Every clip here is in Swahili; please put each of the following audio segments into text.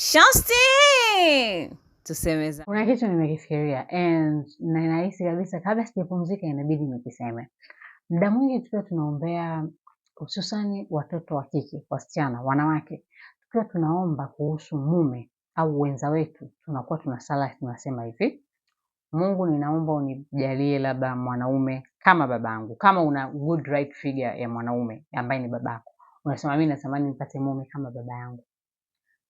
Shosti za. Kuna kitu nimekifikiria and na kabisa kabla sijapumzika inabidi nikiseme. Muda mwingi tukiwa tunaombea hususani watoto wa kike, wasichana, wanawake, tukiwa tunaomba kuhusu mume au wenza wetu, tunakuwa tunasala tunasema hivi: Mungu, ninaomba unijalie labda mwanaume kama babangu, kama una good right figure ya mwanaume ambaye ni babako, unasema mimi natamani nipate mume kama baba yangu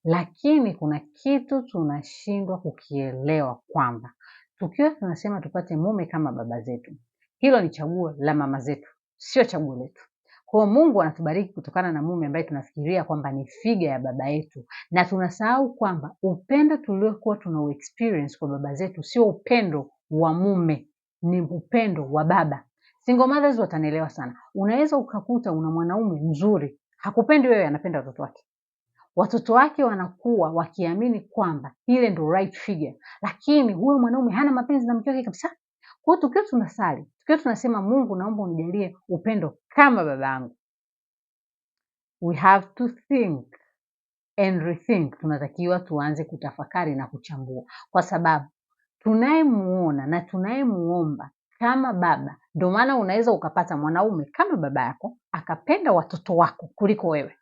lakini kuna kitu tunashindwa kukielewa kwamba tukiwa tunasema tupate mume kama baba zetu, hilo ni chaguo la mama zetu, sio chaguo letu. Kwa hiyo Mungu anatubariki kutokana na mume ambaye tunafikiria kwamba ni figa ya baba yetu, na tunasahau kwamba upendo tuliokuwa tuna experience kwa baba zetu sio upendo wa mume, ni upendo wa baba. Single mothers watanielewa sana. Unaweza ukakuta una mwanaume mzuri hakupendi wewe, anapenda watoto wake watoto wake wanakuwa wakiamini kwamba ile ndo right figure, lakini huyo mwanaume hana mapenzi na mke wake kabisa. Kwa hiyo tukiwa tunasali, tukiwa tunasema Mungu, naomba unijalie upendo kama babangu, we have to think and rethink. Tunatakiwa tuanze kutafakari na kuchambua, kwa sababu tunayemuona na tunayemuomba kama baba. Ndio maana unaweza ukapata mwanaume kama baba yako akapenda watoto wako kuliko wewe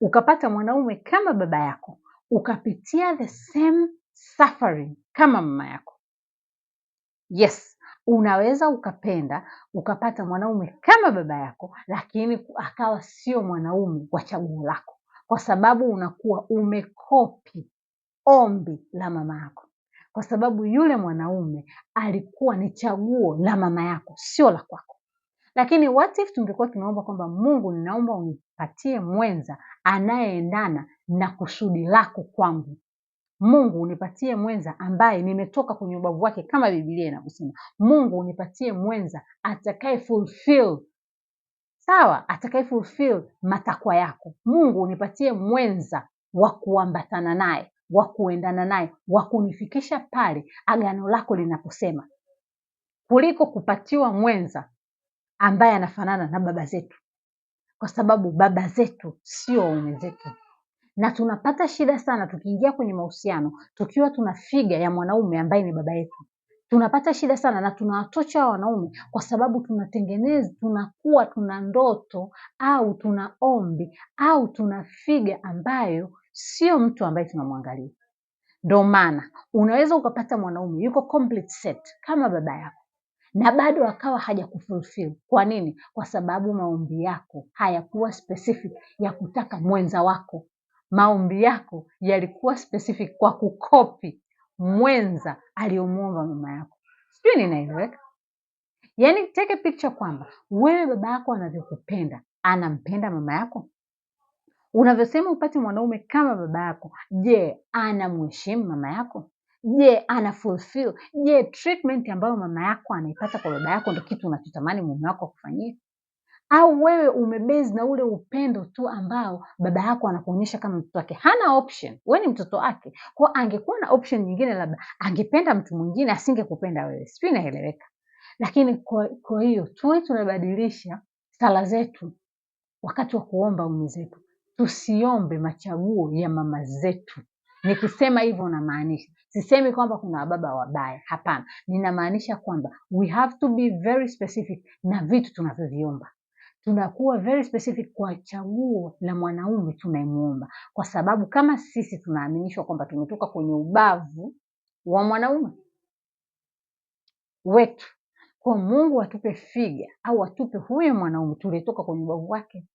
ukapata mwanaume kama baba yako, ukapitia the same suffering kama mama yako. Yes, unaweza ukapenda ukapata mwanaume kama baba yako, lakini akawa sio mwanaume wa chaguo lako, kwa sababu unakuwa umekopi ombi la mama yako, kwa sababu yule mwanaume alikuwa ni chaguo la mama yako, sio la kwako. Lakini what if tungekuwa tunaomba kwamba Mungu, ninaomba unipatie mwenza anayeendana na kusudi lako kwangu. Mungu unipatie mwenza ambaye nimetoka kwenye ubavu wake kama Biblia inavyosema. Mungu unipatie mwenza atakaye fulfill sawa, atakaye fulfill matakwa yako. Mungu unipatie mwenza wa kuambatana naye, wa kuendana naye, wa kunifikisha pale agano lako linaposema, kuliko kupatiwa mwenza ambaye anafanana na baba zetu kwa sababu baba zetu sio waume zetu, na tunapata shida sana tukiingia kwenye mahusiano tukiwa tuna figa ya mwanaume ambaye ni baba yetu. Tunapata shida sana na tunawatocha wanaume kwa sababu tunatengeneza, tunakuwa tuna ndoto au tuna ombi au tuna figa ambayo sio mtu ambaye tunamwangalia. Ndio maana unaweza ukapata mwanaume yuko complete set kama baba yako na bado akawa haja kufulfill. Kwa nini? Kwa sababu maombi yako hayakuwa specific ya kutaka mwenza wako. Maombi yako yalikuwa specific kwa kukopi mwenza aliyomwomba mama yako. Sijui ninaeleweka? yani take a picture kwamba wewe baba yako anavyokupenda, anampenda mama yako? Unavyosema upate mwanaume kama baba yako, je, anamheshimu mama yako? Je, ana fulfill? Je, treatment ambayo mama yako anaipata kwa baba yako ndo kitu unachotamani mume wako akufanyie? Au wewe umebezi na ule upendo tu ambao baba yako anakuonyesha kama mtoto wake? Hana option, wewe ni mtoto wake. Kwa angekuwa na option nyingine, labda angependa mtu mwingine, asingekupenda wewe. Sijui inaeleweka? Lakini kwa hiyo tuwe tunabadilisha sala zetu wakati wa kuomba ume zetu, tusiombe machaguo ya mama zetu. Nikisema hivyo namaanisha Sisemi kwamba kuna wababa wabaya, hapana. Ninamaanisha kwamba we have to be very specific na vitu tunavyoviomba tunakuwa very specific kwa chaguo la mwanaume tunayemuomba, kwa sababu kama sisi tunaaminishwa kwamba tumetoka kwenye ubavu wa mwanaume wetu, kwa Mungu atupe figa au atupe huyo mwanaume tuliyetoka kwenye ubavu wake,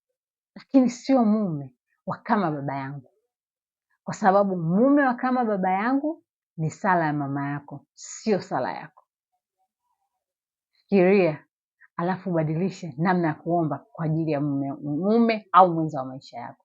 lakini sio mume wa kama baba yangu, kwa sababu mume wa kama baba yangu ni sala ya mama yako, sio sala yako. Fikiria alafu ubadilishe namna ya kuomba kwa ajili ya mume, mume au mwenza wa maisha yako.